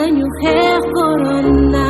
when you have corona.